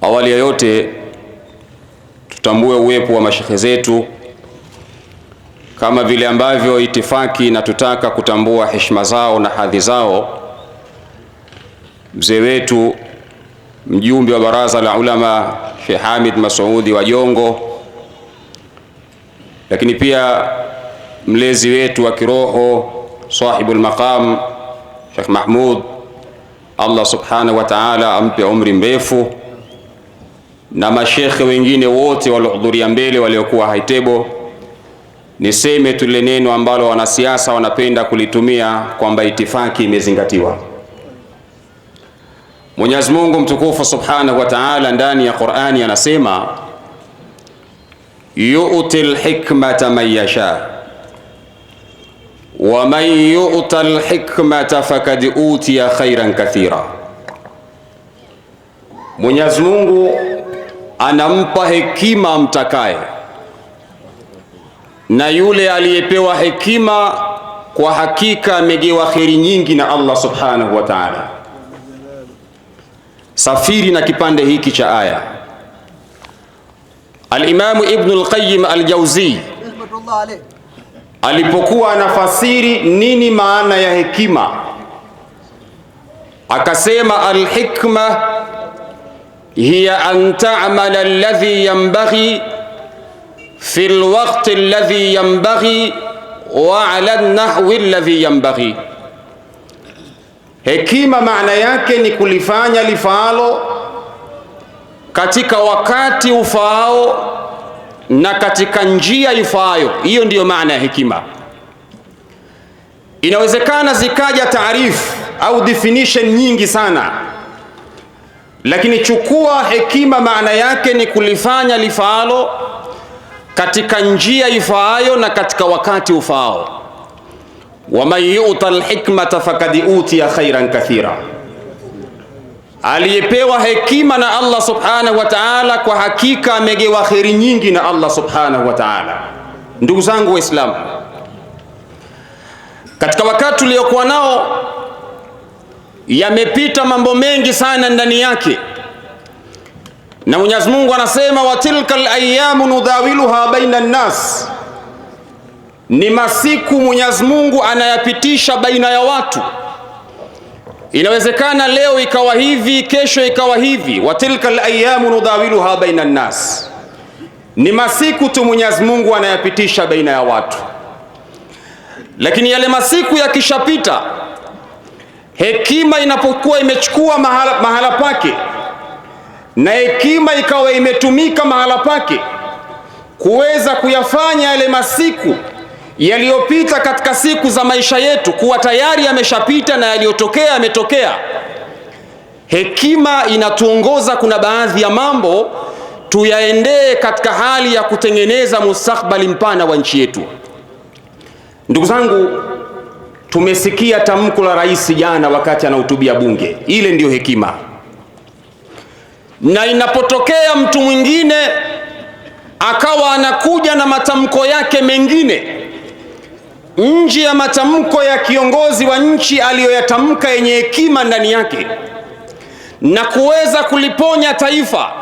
Awali ya yote tutambue uwepo wa mashehe zetu kama vile ambavyo itifaki inatutaka kutambua heshima zao na hadhi zao. Mzee wetu mjumbe wa baraza la ulama Sheikh Hamid Masudi wa Jongo, lakini pia mlezi wetu wa kiroho sahibul maqam Sheikh Mahmud Allah subhanahu wa ta'ala ampe umri mrefu na mashekhe wengine wote waliohudhuria mbele waliokuwa haitebo. Niseme tu lile neno ambalo wanasiasa wanapenda kulitumia kwamba itifaki imezingatiwa. Mwenyezi Mungu mtukufu subhanahu wa ta'ala ndani ya Qur'ani anasema yu'til hikmata man yasha wa man yu'ta alhikmata fakad utiya khairan kathira, Mwenyezi Mungu anampa hekima amtakaye, na yule aliyepewa hekima kwa hakika amegewa kheri nyingi na Allah subhanahu wa ta'ala. Safiri na kipande hiki cha aya. Alimamu Ibnul Qayyim Aljauzi alipokuwa anafasiri nini maana ya hekima, akasema alhikma hiya an ta'mala alladhi yanbaghi fi alwaqti alladhi yanbaghi wa ala alnahwi alladhi yanbaghi. Hekima maana yake ni kulifanya lifaalo katika wakati ufaao na katika njia ifaayo. Hiyo ndiyo maana ya hekima. Inawezekana zikaja taarifu au definition nyingi sana, lakini chukua hekima, maana yake ni kulifanya lifaalo katika njia ifaayo na katika wakati ufaao. Waman yuta lhikmata fakad utiya khairan kathira aliyepewa hekima na Allah subhanahu wa ta'ala, kwa hakika amegewa kheri nyingi na Allah subhanahu wa ta'ala. Ndugu zangu Waislamu, katika wakati uliokuwa nao yamepita mambo mengi sana ndani yake, na Mwenyezi Mungu anasema wa tilka alayamu nudhawiluha baina nnas, ni masiku Mwenyezi Mungu anayapitisha baina ya watu Inawezekana leo ikawa hivi, kesho ikawa hivi. wa tilka layamu nudawiluha baina nnas, ni masiku tu Mwenyezi Mungu anayapitisha baina ya watu, lakini yale masiku yakishapita, hekima inapokuwa imechukua mahala, mahala pake na hekima ikawa imetumika mahala pake kuweza kuyafanya yale masiku yaliyopita katika siku za maisha yetu kuwa tayari yameshapita na yaliyotokea yametokea. Hekima inatuongoza kuna baadhi ya mambo tuyaendee katika hali ya kutengeneza mustakbali mpana wa nchi yetu. Ndugu zangu, tumesikia tamko la rais jana wakati anahutubia Bunge. Ile ndiyo hekima, na inapotokea mtu mwingine akawa anakuja na matamko yake mengine nje ya matamko ya kiongozi wa nchi aliyoyatamka yenye hekima ndani yake na kuweza kuliponya taifa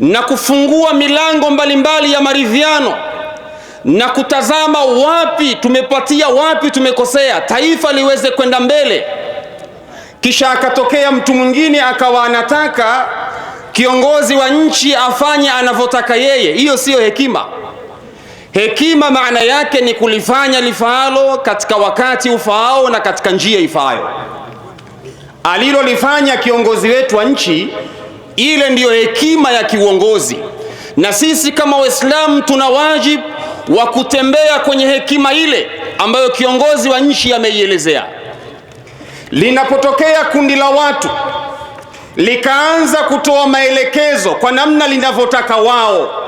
na kufungua milango mbalimbali mbali ya maridhiano na kutazama wapi tumepatia, wapi tumekosea, taifa liweze kwenda mbele. Kisha akatokea mtu mwingine akawa anataka kiongozi wa nchi afanye anavyotaka yeye. Hiyo siyo hekima. Hekima maana yake ni kulifanya lifaalo katika wakati ufaao na katika njia ifaayo. Alilolifanya kiongozi wetu wa nchi, ile ndiyo hekima ya kiuongozi, na sisi kama Waislamu tuna wajibu wa kutembea kwenye hekima ile ambayo kiongozi wa nchi ameielezea. Linapotokea kundi la watu likaanza kutoa maelekezo kwa namna linavyotaka wao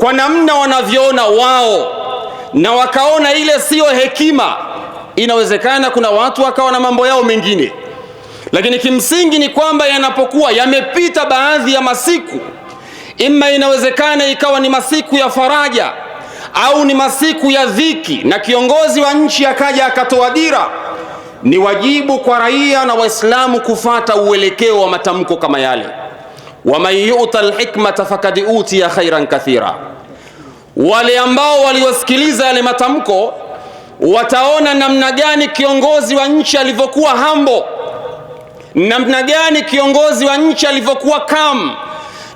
kwa namna wanavyoona wao, na wakaona ile siyo hekima. Inawezekana kuna watu wakawa na mambo yao mengine, lakini kimsingi ni kwamba yanapokuwa yamepita baadhi ya masiku, ima inawezekana ikawa ni masiku ya faraja au ni masiku ya dhiki, na kiongozi wa nchi akaja akatoa dira, ni wajibu kwa raia na Waislamu kufata uelekeo wa matamko kama yale waman yuta alhikmata fakad utiya khairan kathira, wale ambao waliosikiliza yale matamko wataona namna gani kiongozi wa nchi alivyokuwa hambo, namna gani kiongozi wa nchi alivyokuwa kam,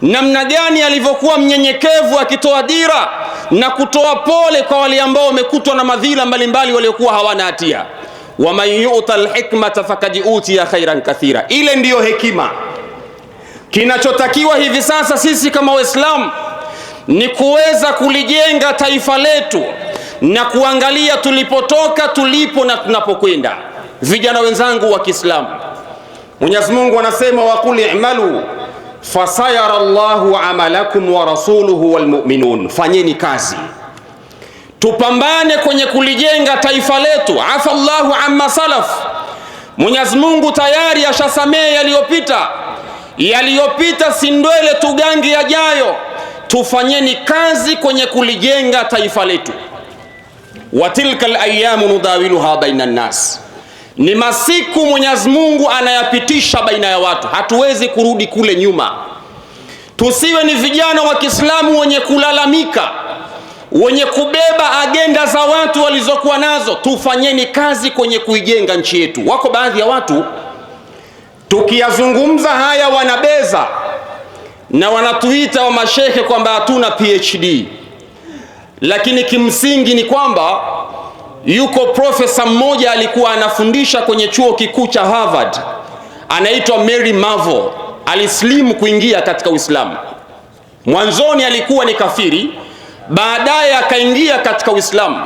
namna gani alivyokuwa mnyenyekevu akitoa dira na kutoa pole kwa wale ambao wamekutwa na madhila mbalimbali waliokuwa hawana hatia. Waman yuta alhikmata fakad utiya khairan kathira, ile ndiyo hekima Kinachotakiwa hivi sasa sisi kama Waislamu ni kuweza kulijenga taifa letu na kuangalia tulipotoka, tulipo na tunapokwenda. Vijana wenzangu wa Kiislamu, Mwenyezi Mungu anasema waqul i'malu fasayara Allahu amalakum wa rasuluhu wal mu'minun, fanyeni kazi, tupambane kwenye kulijenga taifa letu. Afa Allahu amma salaf, Mwenyezi Mungu tayari ashasamehe yaliyopita yaliyopita si ndwele yajayo. Tufanyeni kazi kwenye kulijenga taifa letu. wa tilka alayamu nudawiluha baina nnas, ni masiku Mwenyezi Mungu anayapitisha baina ya watu. Hatuwezi kurudi kule nyuma, tusiwe ni vijana wa Kiislamu wenye kulalamika, wenye kubeba agenda za watu walizokuwa nazo. Tufanyeni kazi kwenye kuijenga nchi yetu. Wako baadhi ya watu Tukiyazungumza haya wanabeza na wanatuita wa mashehe kwamba hatuna PhD, lakini kimsingi ni kwamba yuko profesa mmoja alikuwa anafundisha kwenye chuo kikuu cha Harvard, anaitwa Mary Mavo. Alislimu kuingia katika Uislamu. Mwanzoni alikuwa ni kafiri, baadaye akaingia katika Uislamu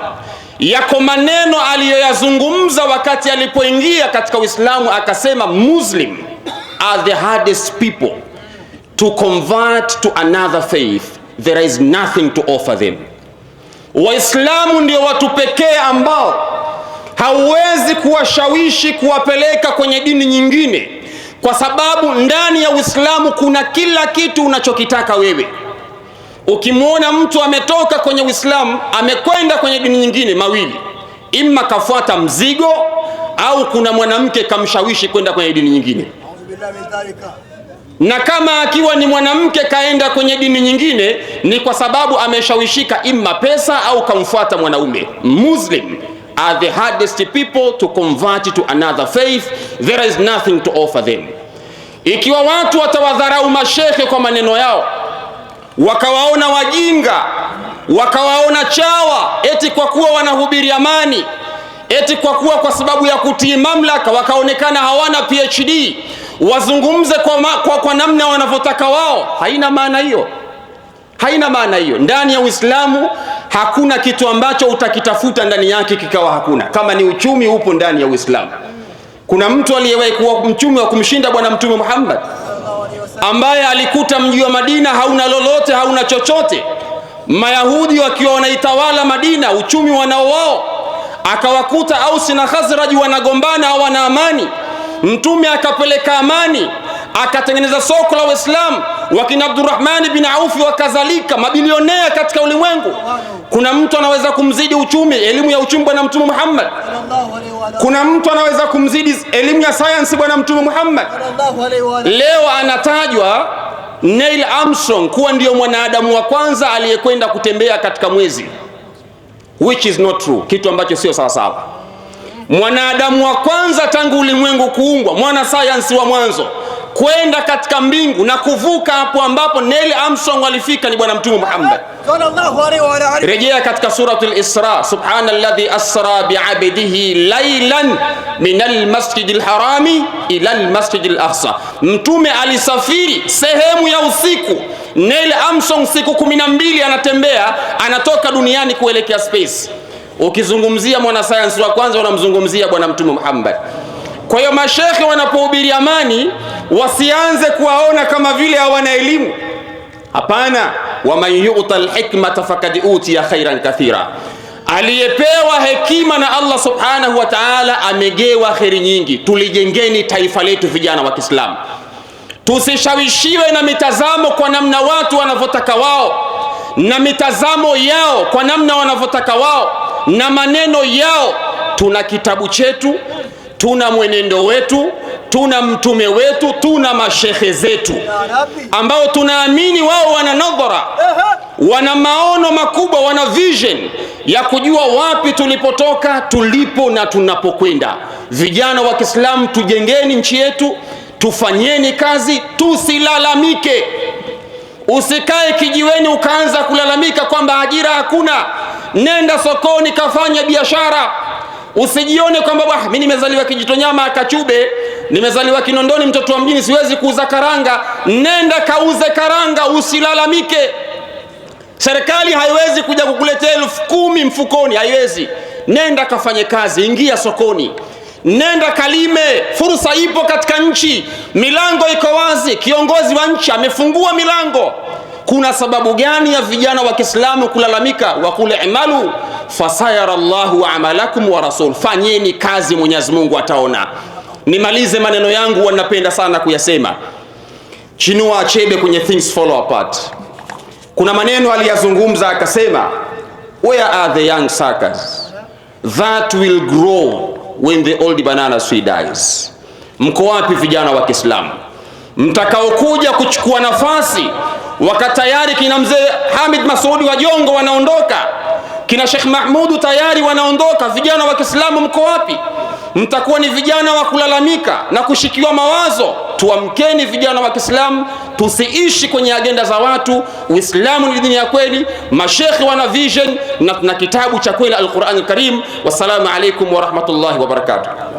yako maneno aliyoyazungumza wakati alipoingia katika Uislamu, akasema Muslim are the hardest people to convert to another faith, there is nothing to offer them. Waislamu ndio watu pekee ambao hauwezi kuwashawishi kuwapeleka kwenye dini nyingine, kwa sababu ndani ya Uislamu kuna kila kitu unachokitaka wewe. Ukimwona mtu ametoka kwenye Uislamu amekwenda kwenye dini nyingine, mawili, imma kafuata mzigo au kuna mwanamke kamshawishi kwenda kwenye dini nyingine. Na kama akiwa ni mwanamke kaenda kwenye dini nyingine, ni kwa sababu ameshawishika imma pesa au kamfuata mwanaume. Muslim are the hardest people to convert to another faith, there is nothing to offer them. Ikiwa watu watawadharau mashekhe kwa maneno yao wakawaona wajinga, wakawaona chawa, eti kwa kuwa wanahubiri amani, eti kwa kuwa kwa sababu ya kutii mamlaka wakaonekana hawana PhD, wazungumze kwa, ma, kwa, kwa namna wanavyotaka wao. Haina maana hiyo, haina maana hiyo. Ndani ya Uislamu hakuna kitu ambacho utakitafuta ndani yake kikawa hakuna. Kama ni uchumi, upo ndani ya Uislamu. Kuna mtu aliyewahi kuwa mchumi wa kumshinda Bwana Mtume Muhammad? ambaye alikuta mji wa Madina hauna lolote, hauna chochote, Mayahudi wakiwa wanaitawala Madina, uchumi wanao wao, akawakuta Ausi na Khazraj wanagombana, hawana amani. Mtume akapeleka amani, akatengeneza soko la Uislamu, wakina Abdurrahmani bin Aufi wakadhalika, mabilionea katika ulimwengu. Kuna mtu anaweza kumzidi uchumi, elimu ya uchumi bwana Mtume Muhammad? Kuna mtu anaweza kumzidi elimu ya sayansi bwana Mtume Muhammad? Leo anatajwa Neil Armstrong kuwa ndiyo mwanadamu wa kwanza aliyekwenda kutembea katika mwezi, which is not true, kitu ambacho sio sawasawa. Mwanadamu wa kwanza tangu ulimwengu kuungwa, mwana mwanasayansi wa mwanzo kwenda katika mbingu na kuvuka hapo ambapo Neil Armstrong alifika ni bwana mtume Muhammad. Rejea katika suratul Isra, subhanalladhi asra bi'abdihi laylan min almasjid alharami ila almasjid alaqsa. Mtume alisafiri sehemu ya usiku. Neil Armstrong siku kumi na mbili anatembea anatoka duniani kuelekea space. Ukizungumzia mwanasayansi wa kwanza unamzungumzia bwana mtume Muhammad. Kwa hiyo mashekhe wanapohubiri amani wasianze kuwaona kama vile hawana elimu. Hapana, waman yuta lhikmata fakad utiya khairan kathira, aliyepewa hekima na Allah subhanahu wa ta'ala amegewa kheri nyingi. Tulijengeni taifa letu, vijana wa Kiislamu, tusishawishiwe na mitazamo kwa namna watu wanavyotaka wao na mitazamo yao kwa namna wanavyotaka wao na maneno yao. Tuna kitabu chetu tuna mwenendo wetu, tuna mtume wetu, tuna mashehe zetu ambao tunaamini wao wana nadhara, wana maono makubwa, wana vision ya kujua wapi tulipotoka, tulipo na tunapokwenda. Vijana wa Kiislamu, tujengeni nchi yetu, tufanyeni kazi, tusilalamike. Usikae kijiweni ukaanza kulalamika kwamba ajira hakuna. Nenda sokoni, kafanya biashara Usijione kwamba bwana, mimi nimezaliwa Kijitonyama Kachube, nimezaliwa Kinondoni, mtoto wa mjini, siwezi kuuza karanga. Nenda kauze karanga, usilalamike. Serikali haiwezi kuja kukuletea elfu kumi mfukoni, haiwezi. Nenda kafanye kazi, ingia sokoni, nenda kalime. Fursa ipo katika nchi, milango iko wazi. Kiongozi wa nchi amefungua milango. Kuna sababu gani ya vijana wa Kiislamu kulalamika? Wakule imalu fasayara llahu amalakum wa rasul, fanyeni kazi, Mwenyezi Mungu ataona. Nimalize maneno yangu, wanapenda sana kuyasema. Chinua Achebe kwenye Things follow Apart kuna maneno aliyazungumza akasema, where are the young suckers that will grow when the old banana tree dies. Mko wapi vijana wa Kiislamu mtakaokuja kuchukua nafasi wakati tayari kina mzee Hamid Masudi wa Jongo wanaondoka kina Sheikh Mahmudu tayari wanaondoka. Vijana wa Kiislamu mko wapi? Mtakuwa ni vijana wa kulalamika na kushikiwa mawazo. Tuamkeni vijana wa Kiislamu, tusiishi kwenye agenda za watu. Uislamu ni dini ya kweli, mashekhe wana vision na tuna kitabu cha kweli, Al-Quran Al-Karim. Wassalamu alaikum warahmatullahi wabarakatuh.